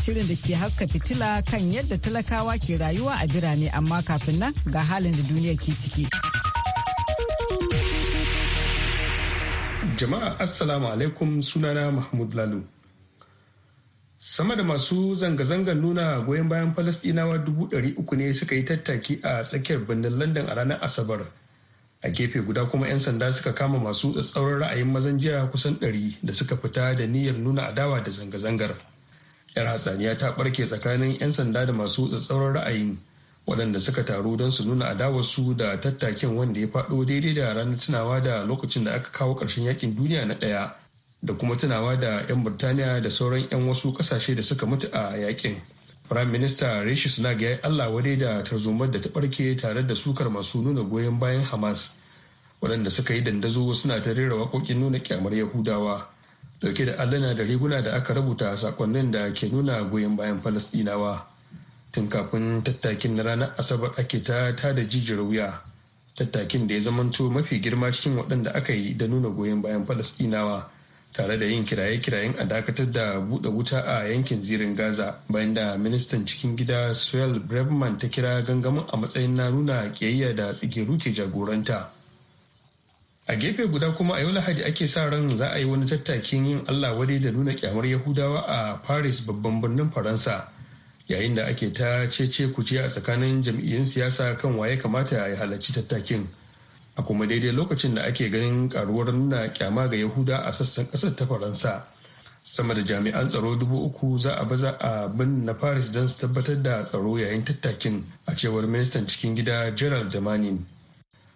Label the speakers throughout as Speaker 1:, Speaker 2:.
Speaker 1: shirin da ke haska fitila kan yadda talakawa ke rayuwa a birane amma kafin nan ga halin da duniya ke ciki.
Speaker 2: Jama'a Assalamu alaikum sunana Mahmud Lalu. Sama da masu zanga-zangar nuna goyon bayan Falasɗinawa dubu ɗari uku ne suka yi tattaki a tsakiyar birnin London a ranar Asabar. A gefe guda kuma 'yan sanda suka kama masu tsatsauran ra'ayin mazan jiya kusan ɗari da suka fita da niyyar nuna adawa da zanga-zangar. yar hatsaniya ta barke tsakanin 'yan sanda da masu tsatsauran ra'ayi waɗanda suka taru don su nuna su da tattakin wanda ya faɗo daidai da ranar tunawa da lokacin da aka kawo ƙarshen yakin duniya na ɗaya da kuma tunawa da 'yan burtaniya da sauran 'yan wasu ƙasashe da suka mutu a yakin firayim reshe Rishi Sunak ya Allah wadai da tarzomar da ta ɓarke tare da sukar masu nuna goyon bayan Hamas waɗanda suka yi dandazo suna ta rera waƙoƙin nuna kyamar Yahudawa dauke da allana da riguna da aka rubuta a sakonnin da ke nuna goyon bayan falasdinawa tun kafin tattakin na ranar asabar ake ta tada jijiyar wuya tattakin da ya zamanto mafi girma cikin waɗanda aka yi da nuna goyon bayan falasdinawa tare da yin kiraye-kirayen a dakatar da buɗe wuta a yankin zirin gaza bayan da ministan cikin gida suel brebman ta kira gangamin a matsayin na nuna kiyayya da tsigiru ke jagoranta a gefe guda kuma a yau lahadi ake sa ran za a yi wani tattakin yin allah wadai da nuna kyamar yahudawa a paris babban birnin faransa yayin da ake ta cece kuce a tsakanin jam'iyyun siyasa kan waye kamata ya halarci tattakin a kuma daidai lokacin da ake ganin karuwar nuna kyama ga yahuda a sassan kasar ta faransa sama da jami'an tsaro dubu uku za a baza a bin na paris don su tabbatar da tsaro yayin tattakin a cewar ministan cikin gida gerald damanin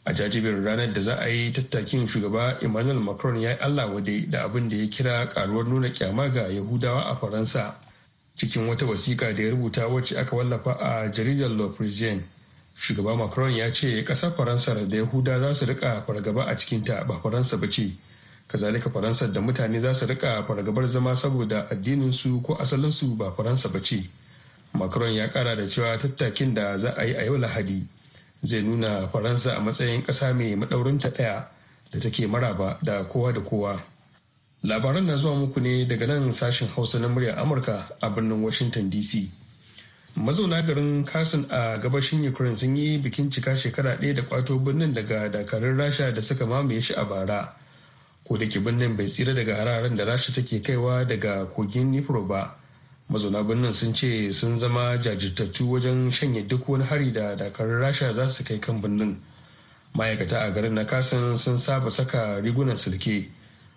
Speaker 2: a jajibin ranar da za a yi tattakin shugaba emmanuel macron ya yi allah wade da abin da ya kira karuwar nuna kyama ga yahudawa a faransa cikin wata wasiƙa da ya rubuta wacce aka wallafa a jaridar le parisien shugaba macron ya ce ƙasar faransa da yahuda za su rika fargaba a cikin ta ba faransa ba ce kazalika faransa da mutane za su rika fargabar zama saboda addininsu ko asalinsu ba faransa ba ce macron ya kara da cewa tattakin da za a yi a yau lahadi zai nuna faransa a matsayin ƙasa mai maɗaurinta ɗaya da take maraba da kowa da kowa labaran na zuwa muku ne daga nan sashen hausa na muryar amurka a birnin washington dc mazauna garin kasin a gabashin ukraine sun yi bikin cika shekara ɗaya da kwato birnin daga dakarun rasha da suka mamaye shi a bara ko da ke birnin bai tsira daga hararen da rasha take kaiwa daga kogin nifro ba mazauna birnin sun ce sun zama jajirtattu wajen shanye duk wani hari da dakarun rasha za su kai kan birnin ma'aikata a garin na kasan sun saba saka rigunan sulke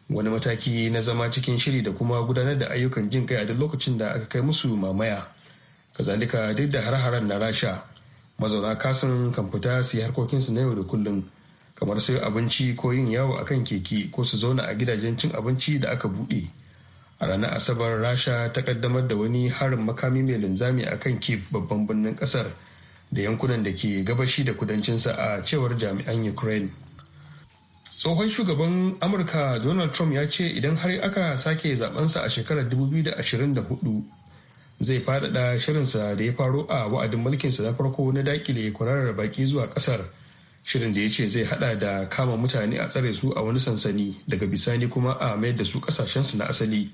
Speaker 2: wani mataki na zama cikin shiri da kuma gudanar da ayyukan jin kai a duk lokacin da aka kai musu mamaya kazalika duk da har-haren na rasha mazauna kasan kan fita su yi harkokinsu na yau da kullum kamar sayo abinci ko yin yawo akan keke ko su zauna a gidajen cin abinci da aka buɗe. a ranar asabar rasha ta kaddamar da wani harin makami mai linzami a kan kif babban birnin kasar da yankunan da ke gabashi da kudancinsa a cewar jami'an ukraine tsohon shugaban amurka donald trump ya ce idan har aka sake zabensa a shekarar 2024 zai faɗaɗa shirinsa da ya faro a wa'adin mulkinsa na farko na dakile kwararar baki zuwa kasar shirin da ya ce zai hada da kama mutane a tsare su a wani sansani daga bisani kuma a mayar da su ƙasashensu na asali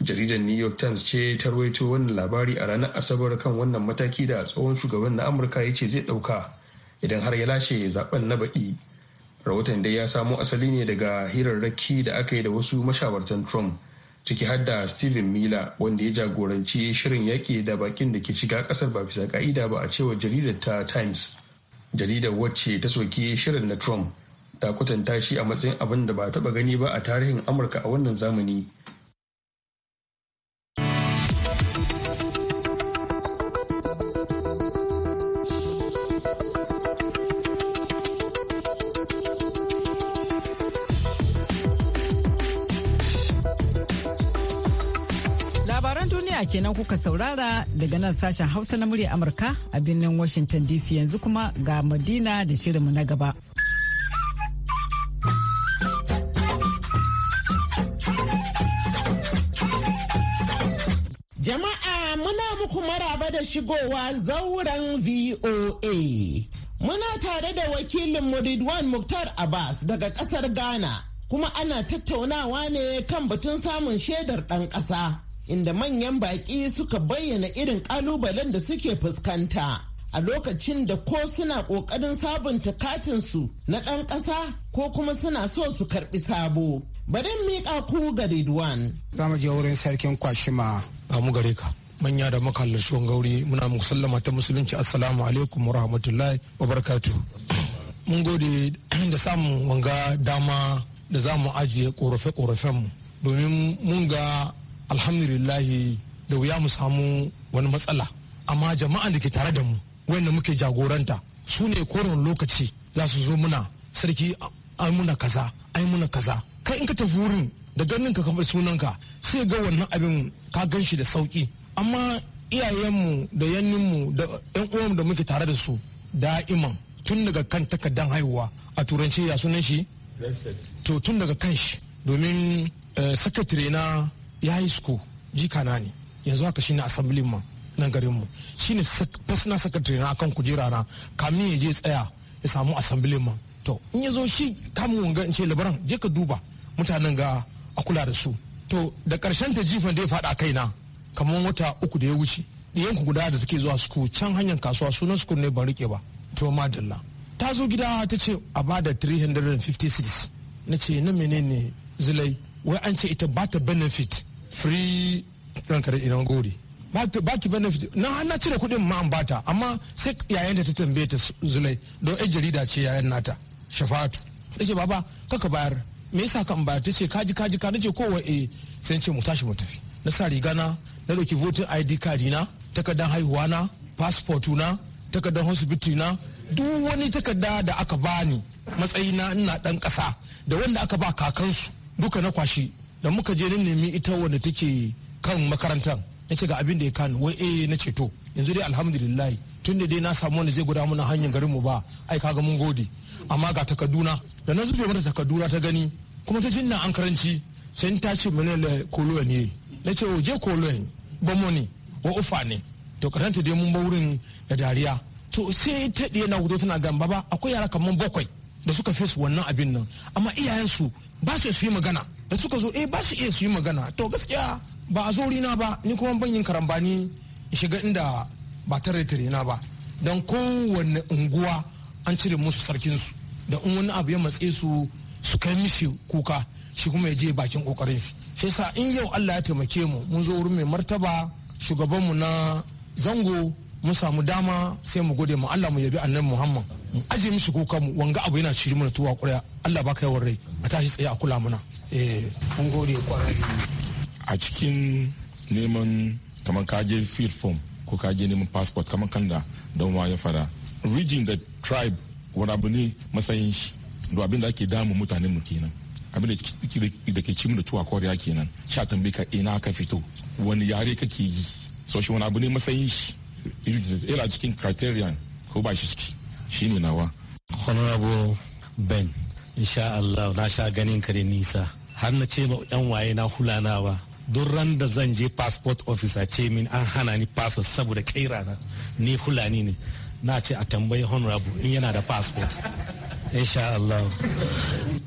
Speaker 2: jaridar new york times ce ta rawaito wannan labari a ranar asabar kan wannan mataki da tsohon shugaban na amurka ya ce zai dauka idan har ya lashe zaben na baɗi rahoton dai ya samo asali ne daga hirarraki da aka yi da wasu mashawartan trump ciki har da steven miller wanda ya jagoranci shirin yaƙi da bakin da ke shiga kasar ba bisa ka'ida ba a cewa jaridar ta times jaridar wacce ta soki shirin na trump ta kwatanta shi a matsayin abin da ba taɓa gani ba a tarihin amurka a wannan zamani
Speaker 1: duniya kenan kuka saurara daga nan sashen Hausa na murya Amurka a birnin Washington DC yanzu kuma ga Madina da shirinmu na gaba.
Speaker 3: Jama'a muna muku maraba da shigowa zauren VOA. Muna tare da wakilin muridwan Muktar Abbas daga kasar Ghana kuma ana tattaunawa ne kan batun samun shaidar ɗan ƙasa. inda manyan baƙi suka bayyana irin ƙalubalen da suke fuskanta. a lokacin da ko suna ƙoƙarin sabunta katinsu na ɗan ƙasa ko kuma suna so su karɓi sabo. Bari miƙa ku ga Ridwan. Za mu je wurin sarkin Kwashima. Ga mu gare ka.
Speaker 4: Manya da muka halarci gauri muna sallama ta musulunci assalamu alaikum wa rahmatullahi wa barakatu. Mun gode da samun wanga dama da za mu ajiye ƙorafe mu domin mun ga alhamdulillahi da wuya mu samu wani matsala amma jama'an da ke tare da mu wanda muke jagoranta su ne koren lokaci za su zo muna sarki ai muna kaza ai muna kaza kai in ka tafi wurin da ganin ka kafa sunanka sai ga wannan abin ka gan shi da sauki amma iyayenmu da yanninmu da yan uwanmu da muke tare da su da'iman tun daga kan takardan haihuwa a turanci ya sunan shi to tun daga kan shi domin eh, sakatare na ya yi sku jika na ne yanzu haka shine asamblin ma nan garin mu shine personal secretary na akan kujera na kamin ya je tsaya ya samu assambilin ma to in ya zo shi kamin wanga in ce labaran je ka duba mutanen ga a kula da su to da karshen ta jifan da ya kai na kamar wata uku da ya wuce ku guda da take zuwa suku can hanyar kasuwa sunan suku ne ban rike ba to madalla ta zo gida ta ce a ba da 356 na ce na menene zilai wai an ce ita ba ta benefit free ranka da idan gori ba ki benefit na an cire kuɗin ma an bata amma sai yayan da ta tambaye ta zulai don ai jarida ce yayan nata shafatu ta ce baba kaka bayar me yasa kan bayar ta ce kaji kaji ka nace kowa eh sai ce mu tashi mu tafi na sa riga na na dauki votin ID card na takardar haihuwa na passport na takardar hospital na duk wani takarda da aka bani matsayina ina dan kasa da wanda aka ba kakansu duka na kwashi da muka je nan nemi ita wanda take kan makarantar na ce ga abin da ya kan wai eh na ce to yanzu dai alhamdulillah tun da dai na samu wanda zai guda mana hanyar garin mu ba ai kaga mun gode amma ga takarduna da na zube mata takarduna ta gani kuma ta jinna an karanci sai ta ce mene la koloyan ne na ce je koloyan ba mu ne wa ufa ne to karanta dai mun ba wurin da dariya to sai ta ɗaya na gudu tana gamba ba akwai yara kamar bakwai da suka fesu wannan abin nan amma iyayensu ba su yi magana da suka zo eh ba su iya su yi magana to gaskiya ba a zo rina ba ni kuma ban yin karambani shiga inda ba tare na ba don kowanne unguwa an cire musu sarkin su da in wani abu ya matse su su kai mishi kuka shi kuma ya je bakin kokarin shi sai sa in yau Allah ya taimake mu mun zo wurin mai martaba shugaban mu na zango mun samu dama sai mu gode mu Allah mu yabi annabi Muhammad mu aje mishi kuka mu wanga abu yana cire mana tuwa kurya Allah baka yawan rai a tashi tsaye a kula muna eh mun gode a cikin neman kamar kaje field form ko kaje neman passport kamar kanda don wa ya fara region the tribe wani abu ne matsayin shi da abin da ake damu mutanen mu kenan abin da ke cimu da tuwa koriya kenan sha tambayi ka ina ka fito wani yare kake yi so shi wani abu ne matsayin shi yana cikin criterion ko ba shi ciki shi ne nawa
Speaker 5: honorable ben insha Allah na sha ganin kare nisa har na ce ma yan waye na hulana ba don ran da zan je passport officer ce min an hana ni passport saboda kaira na ni hulani ne na ce a tambayi honorable in yana da passport insha Allah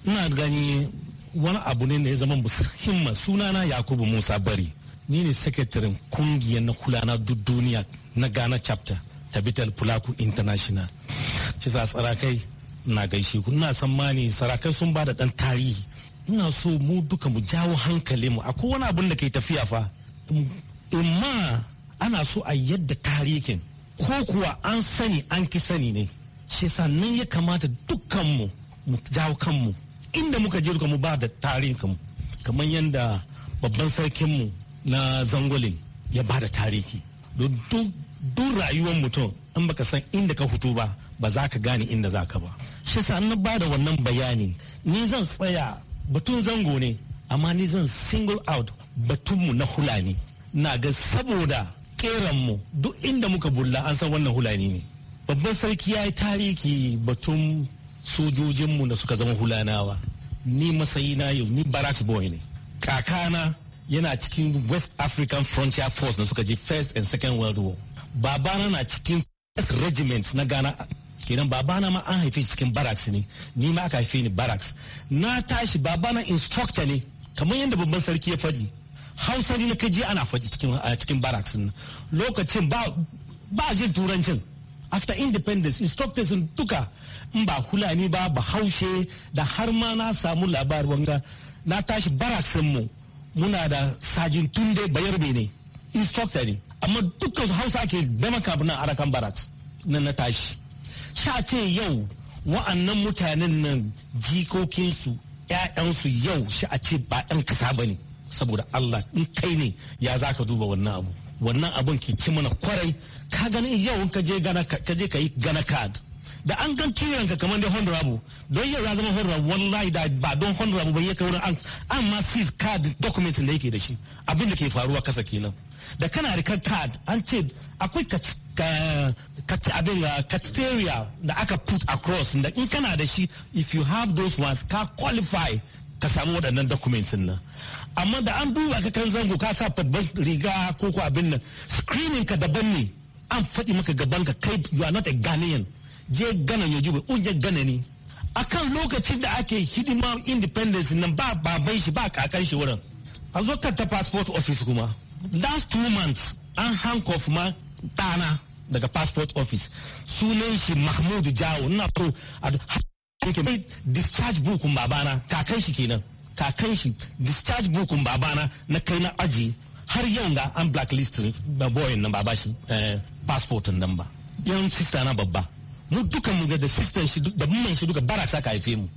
Speaker 5: ina gani wani abu ne da ya zama himma sunana yakubu musa bari ni ne sakatarin kungiyar na hulana duk duniya na ghana chapter tabital pulaku international shi sa sarakai na gaishe ku ina tsammani sarakai sun ba da dan tarihi ina so mu duka mu jawo hankali mu akwai wani abin da ke tafiya fa ma ana so a yadda tarihin ko kuwa an sani an ki sani ne shi sannan ya kamata dukkanmu mu jawo kanmu inda muka je duka mu ba da tarihinmu kamar yadda babban mu na zangolin ya ba da tarihi duk rayuwar mutum in baka san inda ka hutu ba ba za ka gane inda za ka ba shi sa na ba da wannan bayani ni zan tsaya batun zango ne amma ni zan single out batunmu na hulani na ga saboda mu duk inda muka bulla an san wannan hulani ne babban sarki ya yi tarihi batun sojojinmu da suka zama hulanawa ni na yau ni barat boy ne kakana yana cikin west african frontier force na suka ji first and second world war babana na cikin first regiment na ghana kenan babana ma an haifi cikin barracks ne ni ma aka haife ni barracks na tashi babana instructor ne kamar yadda babban sarki ya faɗi hausa ne na je ana faɗi cikin cikin barracks ne lokacin ba ba jin turancin after independence instructors duka in ba hulani ba ba haushe da har ma na samu labar wanga na tashi barracks mu muna da sajin tunde bayarbe ne instructor ne amma dukkan hausa ke bema kabinan arakan barracks na na tashi sha ce yau wa'annan mutanen nan jikokinsu ‘ya'yansu yau shi a ce ba ɗan kasa ba ne saboda Allah in kai ne ya za ka duba wannan abu wannan abun ke ci mana kwarai ka gani yau ka je ka yi gana kad. da an gan kiran ka kamar dai honorable don yau ya zama honorable wallahi da ba don honorable ba yake wurin an ma sis card document da yake da shi abin da ke faruwa kasa kenan da kana da card an ce akwai abin cafeteria da aka put across da in kana da shi if you have those ones ka qualify ka samu waɗannan dokumentin nan amma da an duba ka kan zango ka sa babban riga ko ko abin nan screening ka daban ne an faɗi maka gaban ka kai you are not a ghanaian je gana ya jube je gana ne akan lokacin da ake hidima independence nan ba baban shi ba kakan shi wurin a zo ta passport office kuma last two months an handcuff ma ɗana daga passport office sunan shi mahmud jawo ina so a discharge bukun babana kakan shi kenan kakan shi discharge bukun babana na kai na aji har yau ga an blacklist da boy nan ba shi eh, passport nan ba yan sista na babba mu dukan mu da sistan shi da mun shi duka bara saka haife mu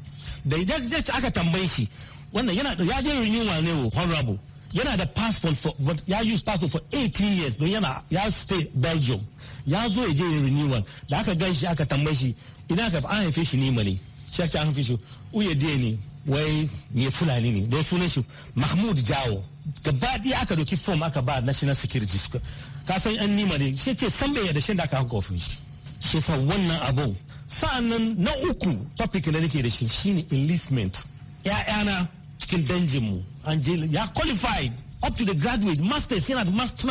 Speaker 5: da idan aka tambaye shi wannan yana ya je renewal wa ne honorable yana da passport for ya use passport for 18 years don yana ya stay belgium ya zo ya je renewal da aka gan shi aka tambaye shi idan aka an haife shi nima ne shi ake an haife shi uye de ne wai me fulani ne don sunan shi mahmud jawo gaba daya aka doki form aka ba national security ka san yan nima ne shi ce san bai yadda shi da aka haka ofin shi shi sa wannan abu sa'annan na uku topic da nake da shi shine enlistment ya'yana cikin mu an je ya qualified up to the graduate masters yana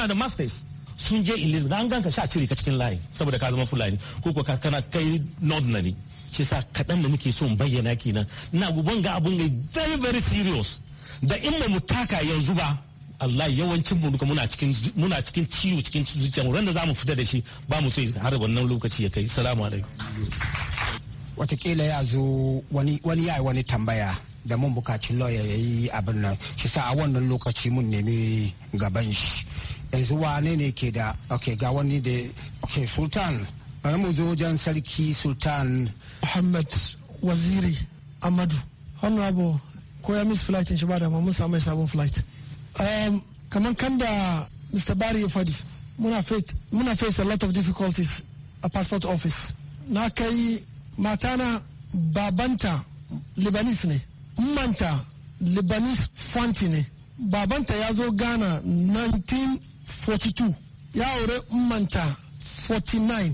Speaker 5: da masters sun je da an ganka sha cire ka cikin layi saboda ka zama fulani ko ko kana kai nod na ne shi sa kaɗan da nake so bayyana kenan na guban ga abun gai very very serious da in ba mu taka yanzu ba Allah yawancin mu duka muna cikin muna cikin ciwo cikin zuciya ran da zamu fita da shi ba mu so har wannan lokaci ya kai salamu alaikum
Speaker 6: watakila ya zo wani wani ya wani tambaya da mun bukaci lawyer ya yi abin nan shi sa a wannan lokaci mun nemi gaban shi yanzu wane ne ke da ok ga wani da ok sultan bari mu zo wajen sarki sultan muhammad
Speaker 7: waziri amadu honorable ko ya miss flight shi ba da mun samu sabon flight um, kamar kan da mr bari ya fadi muna face a lot of difficulties a passport office na kai matana babanta libanese ne manta Lebanese fanti ne babanta ya zo ghana 1942 ya aure manta 49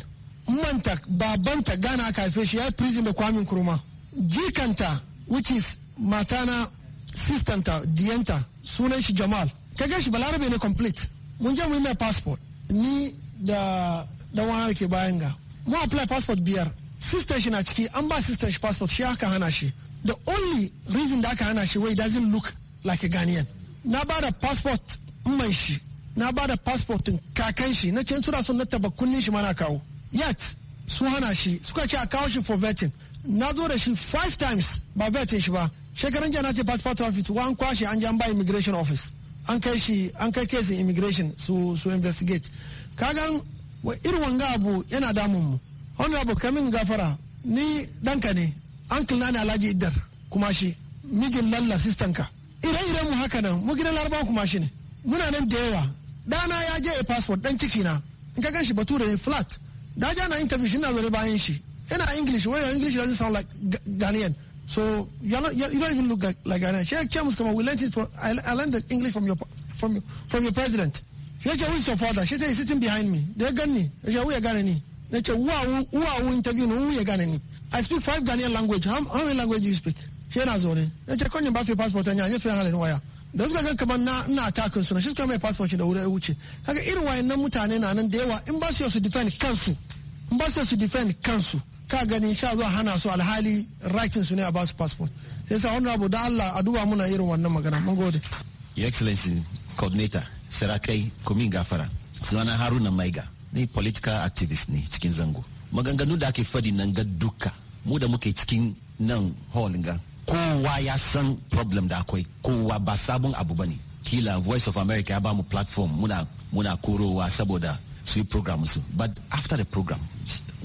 Speaker 7: manta babanta ghana aka haife shi ya yi prison da kwamin kuruma. jikanta which is matana sistanta diyanta sunan shi jamal kaga shi balarabe ne complete mun je yi mai passport ni da dan wani ke bayan ga mu apply passport biyar sister shi na ciki an ba sister shi passport shi aka hana shi the only reason da aka hana shi wai doesn't look like a Ghanaian. Na ba da passport mai shi, na ba da passport kakan shi, na can suna son na taba kunnin shi mana kawo. Yet, su hana shi, suka ce a kawo shi for vetting. Na zo da shi five times ba vetting shi ba. Shekaran jiya ce passport office, wa an kwashe an jan ba immigration office. An kai shi, an kai kesin immigration su su investigate. Kagan irin wanga abu yana damun mu. Honorable kamin gafara, ni danka ne, uncle na ne alhaji iddar kuma shi mijin lalla sistan ka ire-iren mu haka nan mu gidan larabawa kuma shi ne muna nan da yawa dana ya je a passport dan ciki na in ka ganshi bature ne flat da ja na interview shi na zaune bayan shi ina english when your english doesn't sound like ghanaian so you're not, you don't even look like, like ghanaian she comes come we learned it from I, I learned the english from your from your, from your president she ce who is your father she said sitting behind me da ya gani ya ce who ya gane ni na ce who are who interview na who ya gane ni I speak five Ghanaian language. How, how many language do you speak? Shi yana zaune. Ya ce kwanyin ba fi passport ya yi fiye halin waya. Da suka gan kamar na ina atakin suna shi suka mai passport da wuri ya wuce. Kaga irin wayannan mutane na nan da yawa in ba su su defend kansu. In ba su su defend kansu. Ka gani sha zuwa hana su alhali writing su ne a su passport. Sai sa wannan abu da Allah a duba muna irin wannan magana. Mun gode.
Speaker 8: Your Excellency Coordinator Sarakai Kumin Gafara. Sunana Haruna Maiga. Ni political activist ne cikin zango. maganganu da ake fadi nan ga duka mu da muke cikin nan hall ga kowa ya san problem da akwai kowa ba sabon abu ne. kila voice of america ya bamu platform muna muna korowa saboda su yi program su but after the program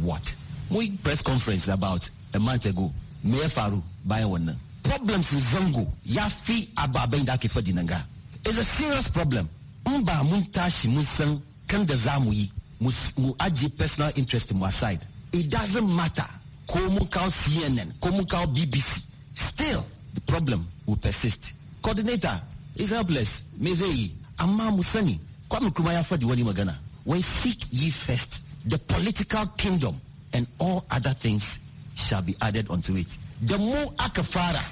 Speaker 8: what mu press conference about a month ago me ya faru bayan wannan problems zango ya fi ababen da ake fadi nan ga is a serious problem in ba mun tashi mun san kan da za mu yi mu ajiye personal interest mu aside it doesn't matter ko mu kawo cnn ko mu kawo bbc still the problem will persist coordinator is helpless me zai yi amma mu sani kwame kuma ya faɗi wani magana wai seek ye first the political kingdom and all other things shall be added unto it da mu aka fara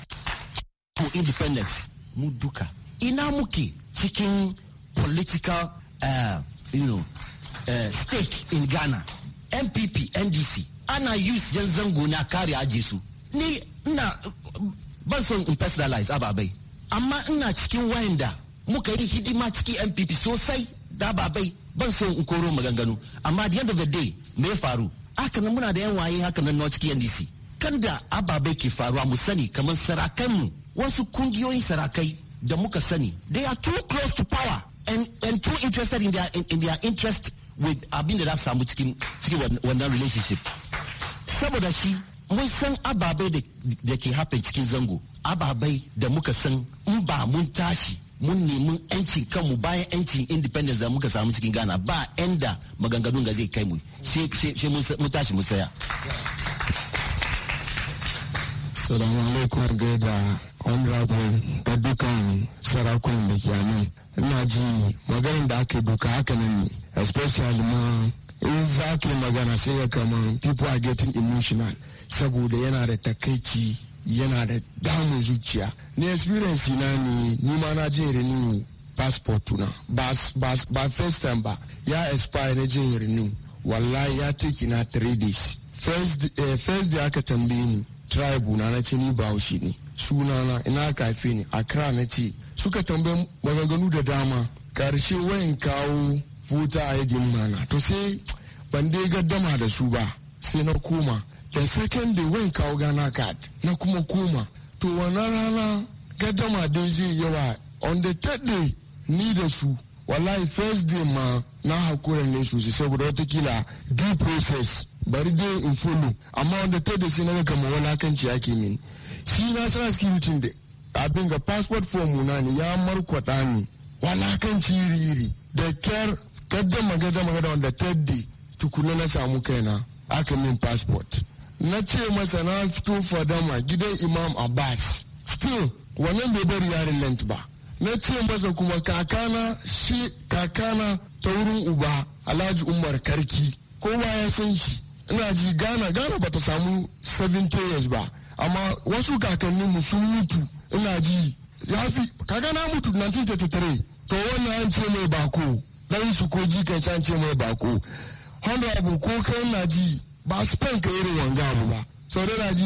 Speaker 8: to independence mu duka ina muke cikin political uh, you know, Eh. stake in ghana npp ndc ana use yan zango na kare aje su ni na ban son in personalize ababai amma ina cikin wayanda muka yi hidima cikin npp sosai da ababai ban son in koro maganganu amma the end of the day me faru haka nan muna da yan waye haka nan na cikin ndc kan da ababai ke faruwa mu sani kamar mu wasu kungiyoyin sarakai da muka sani they are too close to power and, and too interested in their, in, in their interest abin da za su samu cikin wannan relationship saboda shi mun san ababai da ke happen cikin zango ababai da muka san in ba mun tashi mun nemi yancin kanmu bayan yancin independence da muka samu cikin ghana ba da maganganu ga zai kai mu she mun tashi mu saya
Speaker 9: salamu alaikum ga da da dukkan sarakunan da ke ina ji maganin da aka doka haka nan ne especially ma in za ka magana sai ya kama people are getting emotional saboda yana da takaici yana da damun zuciya ni experience na ne ni ma na je renew passport na ba, first time ba ya expire na je renew wallahi ya take na 3 days eh, first, day aka tambaye ni tribe na na ce ni ba ne sunana ina kafe ne accra na ce suka tambayi maganganu da dama karshe wayan kawo futa a yagin mana to sai ban dai gaddama da su ba sai na koma da secondary wayan kawo gana card na kuma koma to wannan rana gaddama dai zai yawa on the third day ni da su wallahi first day ma na hakura ne sosai saboda watakila due process bari dai in follow amma on the third day sai na ga kamar walakanci ake mini shi national security da abin ga passport form na ne ya markwata ni walakan iri da kyar kadda magada magada wanda taddi tukuna na samu kaina aka min passport na ce masa na fito fadama gidan imam abbas still wannan bai bari yarin lent ba na ce masa kuma kakana shi kakana ta wurin uba alhaji umar karki kowa ya san shi ina ji ghana ghana bata samu 70 years ba amma wasu kakannin mu sun mutu ina ji ya fi kaga na mutu 1933 to wannan an ce mai bako dan su ko ji kai an ce mai bako honorable ko kai na ji ba spain ka irin wanga abu ba so da na ji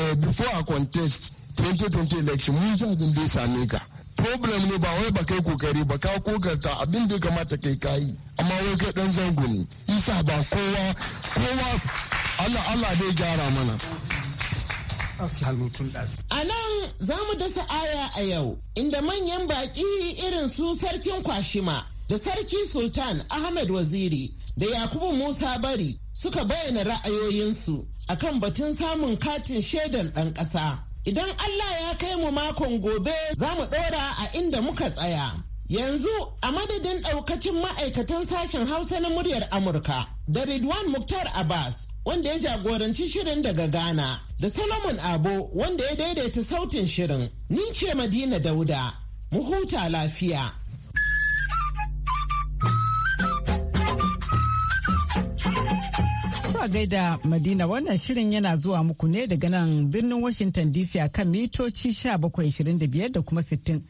Speaker 9: eh, before a contest 2020 election mun ji abin da ya ka problem ne ba wai ba kai kokari ba ka kokarta abin da ya kamata kai kayi amma wai kai dan zango ne isa ba kowa kowa Allah Allah dai gyara mana anan
Speaker 3: A nan za mu dasa aya a yau inda manyan baƙi irin su sarkin kwashima da sarki Sultan Ahmed Waziri da Yakubu Musa Bari suka bayyana ra'ayoyinsu akan batun samun katin shaidan ɗan ƙasa. Idan Allah ya kai mu makon gobe za mu ɗora a inda muka tsaya. Yanzu a madadin daukacin ma'aikatan sashen Hausa na muryar Amurka da Ridwan Muktar Abbas wanda ya jagoranci shirin daga Ghana da salomon Abo wanda ya daidaita sautin shirin. Ni ce Madina Dauda, mu huta
Speaker 1: lafiya. zuwa gaida Madina wannan shirin yana zuwa muku ne daga nan birnin Washington DC a kan mitoci 1725 da kuma 60.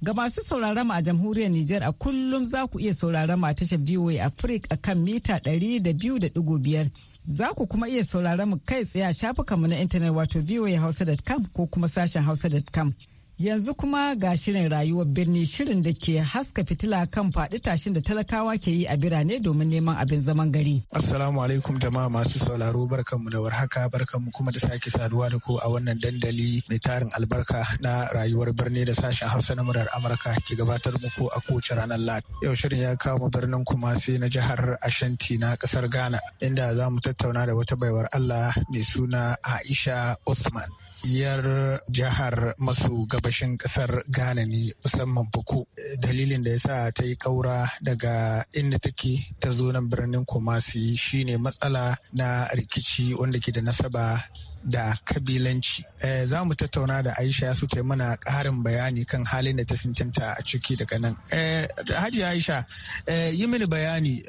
Speaker 1: Ga masu sauraron a jamhuriyar Nijar a kullum za ku iya sauraron a tashar VOA Africa kan mita 200.5. Za ku kuma iya sauraron mu kai tsaye a mu na intanet wato voahausa.com ko kuma sashen hausa.com. Yanzu kuma ga shirin rayuwar birni shirin da ke haska fitila kan faɗi tashin da talakawa ke yi a birane domin neman abin zaman gari.
Speaker 6: Assalamu alaikum jama'a masu sauraro barkanmu da warhaka barkanmu kuma da sake saduwa da ku a wannan dandali mai tarin albarka na rayuwar birni da sashen Hausa na murar Amurka ke gabatar muku a kowace ranar Lat. Yau shirin ya kawo birnin kuma sai na jihar Ashanti na kasar Ghana inda za mu tattauna da wata baiwar Allah mai suna Aisha Usman. yar jihar masu gabashin kasar ghana ne musamman buku. dalilin da ya sa ta yi kaura daga inda take ta zo nan birnin kumasi shine matsala na rikici wanda ke da nasaba da kabilanci. Eh, za mu tattauna da Aisha ya su ta mana ƙarin bayani kan halin da ta sintanta a ciki daga nan. Eh, Hajji Aisha, eh, yi mini bayani,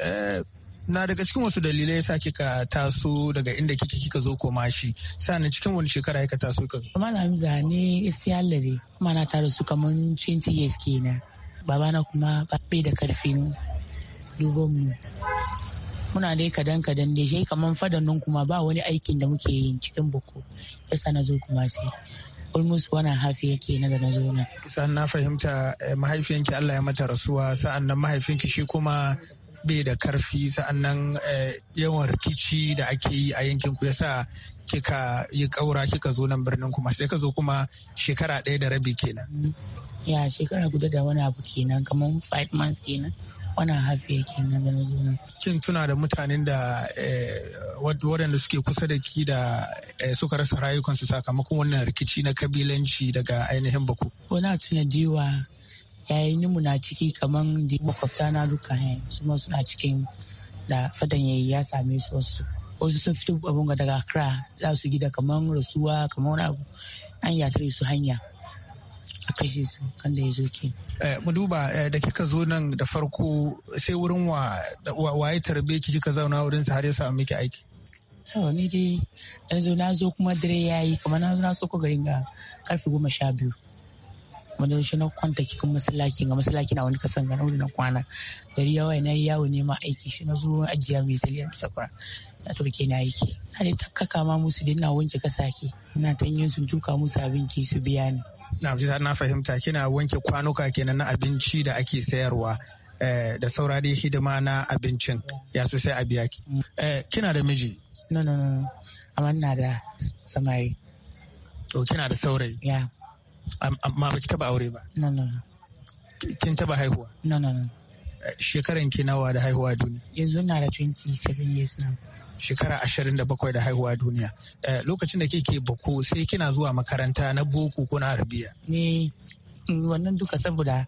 Speaker 6: na daga cikin wasu dalilai sa kika taso daga inda kike kika zo koma shi sannan cikin wani shekara kika taso ka
Speaker 10: malam zane kuma mana tare su kamar 20 years kenan babana kuma bai da karfin dubon mu muna dai kadan kadan dai shi kamar fadan nan kuma ba wani aikin da muke yin cikin Ya yasa na zo kuma sai
Speaker 6: almost wani hafi yake na da na zo na. Sa'an na fahimta eh, mahaifiyanki Allah ya mata rasuwa sa'an nan mahaifinki shi kuma bai da karfi sa'annan eh, yawan rikici da ake yi a yankin ku yasa kika yi kaura kika zo nan birnin kuma sai ka zo kuma shekara ɗaya da rabi kenan
Speaker 10: ya shekara guda da wani abu kenan kamar five months kenan wani hafiya kenan da zo nan
Speaker 6: kin tuna da mutanen da eh, waɗanda suke kusa da ki da eh, suka rasa rayukansu sakamakon wannan rikici na kabilanci daga ainihin baku
Speaker 10: Wana tuna diwa yayaninmu na ciki kaman da makwabta na duka eh, su ma suna cikin da fadan yayi ya same su wasu wasu sun fito abin ga daga kira za su gida kaman rasuwa kaman wani abu an yatare su hanya a kashe su kan da ya zo ke.
Speaker 6: Eh, mu duba eh, da kika zo nan da farko sai wurin wa ya tarbe ki kika zauna wurin sa har ya samu miki aiki.
Speaker 10: sau ni dai na zo na zo kuma dare ya yi kamar na zo na soko garin ga karfe goma sha biyu. wanda shi na kwanta cikin masallaci ga masallaci na wani kasan ga na kwana gari yawa na yi yawo nema aiki shi na zo ajiya mai zaliyar sakura na turke na aiki na dai takaka ma musu da na wanke kasake na tanyin
Speaker 6: sun tuka musu abinci su biya ni. na na fahimta kina wanke kwanuka kenan na abinci da ake sayarwa eh, da saura dai hidima na abincin ya su sai a biya ki. Eh, kina da miji?
Speaker 10: No, no, no. Amma na da samari.
Speaker 6: To kina da saurayi? Ya. amma ba ki taba aure ba kin taba haihuwa eh, shekaran ki nawa da haihuwa duniya yanzu na da 27 years now shekara ashirin da bakwai da haihuwa duniya eh, lokacin da kike bako sai kina zuwa makaranta na boko ko na arabiya
Speaker 10: ne wannan duka saboda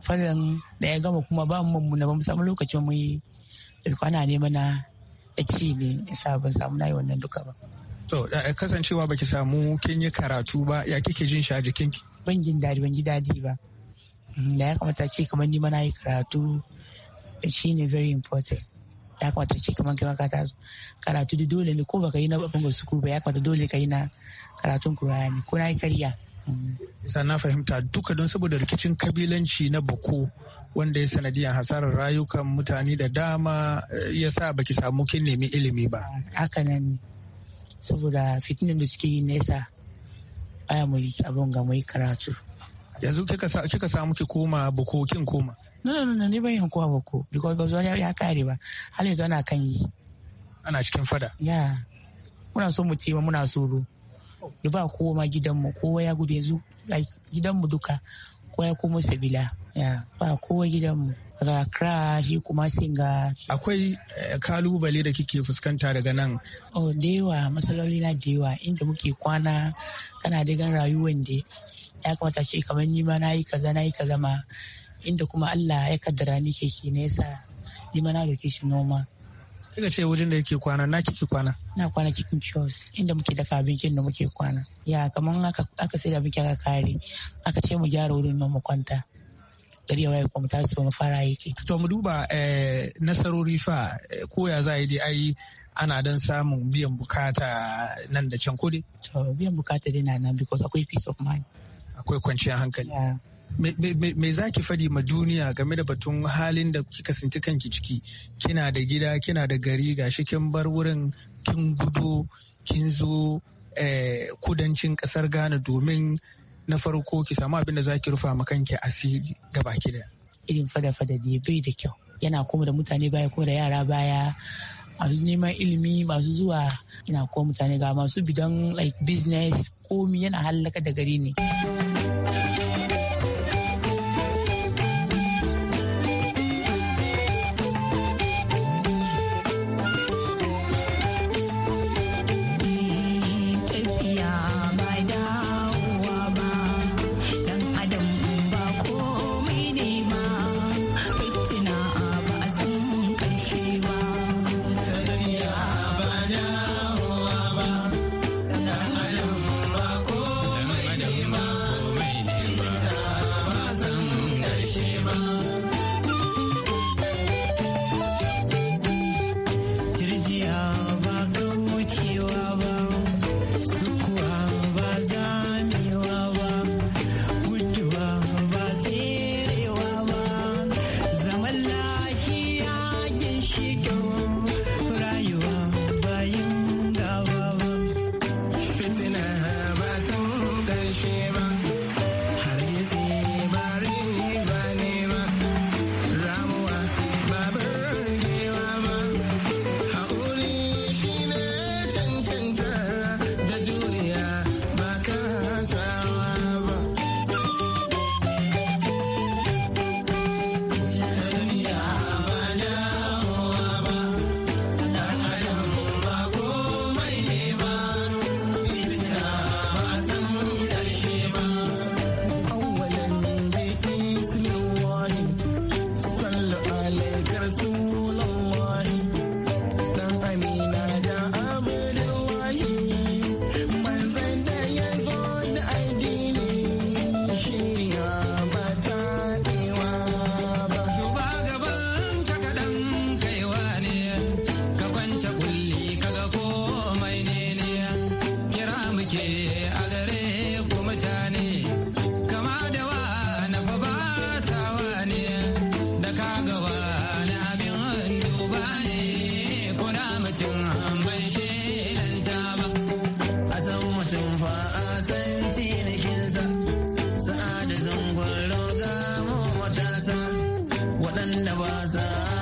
Speaker 10: fadan da ya gama kuma ba mu na ba mu samu lokacin mu yi ana mana na ci ne sabon samu na yi wannan duka ba
Speaker 6: To kasancewa baki samu kin yi karatu ba ya kike jin shi a jikin ki? Ban jin daɗi ban ji daɗi ba.
Speaker 10: Mm, da ya kamata ce kamar ni mana yi karatu shi ne very important. Ya kamata ce kamar kai maka karatu da dole ne ko baka yi na babban suku ba ya kamata dole ka yi na karatun Kur'ani ko na yi karya.
Speaker 6: Isa mm. na fahimta duka don saboda rikicin kabilanci na bako wanda ya sanadiyar hasarar rayukan mutane da dama eh, ya sa baki samu kin nemi ilimi ba. Haka saboda fitinan da suke yi
Speaker 10: nesa aya mu abin ga mai karatu
Speaker 6: yanzu kika samu ki koma boko kin koma
Speaker 10: no no no ni ban yin kowa boko because ba zuwa ya kare ba hali yanzu ana kan yi ana cikin fada ya muna so mu tema muna soro ya ba kowa ma gidanmu kowa ya gudu yanzu, zu gidanmu duka kwaya kuma masa sabila ya ba kowa gidanmu ga kira shi kuma singa. akwai eh,
Speaker 6: kalubale da kike fuskanta daga nan
Speaker 10: oh da yawa matsaloli na da yawa inda muke kwana kana da gan rayuwan da ya kamata ce kamar ni ma nayi kaza nayi kaza ma inda kuma Allah ya kaddara ni ke ke nesa ni ma na roke shi noma
Speaker 6: Kika ce wajen da yake kwana na kiki kwana?
Speaker 10: Na kwana kikin chos inda muke dafa abincin da muke kwana. Ya kamar aka sai da abinci aka kare aka ce mu gyara wurin nan mu kwanta.
Speaker 6: Gari ya waye kuma su mu fara yake. To mu duba eh, nasarori fa eh, ko ya za yi dai ai ana dan samun biyan bukata nan da can kudi? To biyan bukata dai na nan because akwai peace of mind. Akwai kwanciyar hankali. me za ki faɗi ma duniya game da batun halin da kika sinci kanki ciki kina da gida kina da gari ga shi kin bar wurin kin gudo kin zo eh, kudancin ƙasar ghana domin na farko ki samu abin da za ki rufa ma kanki asiri gaba baki da
Speaker 10: irin fada-fada ne bai da kyau yana kuma da mutane baya kuma da yara baya masu neman ilimi masu zuwa ina kuma mutane ga masu bidan like business komi yana hallaka da gari ne.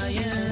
Speaker 6: Zion.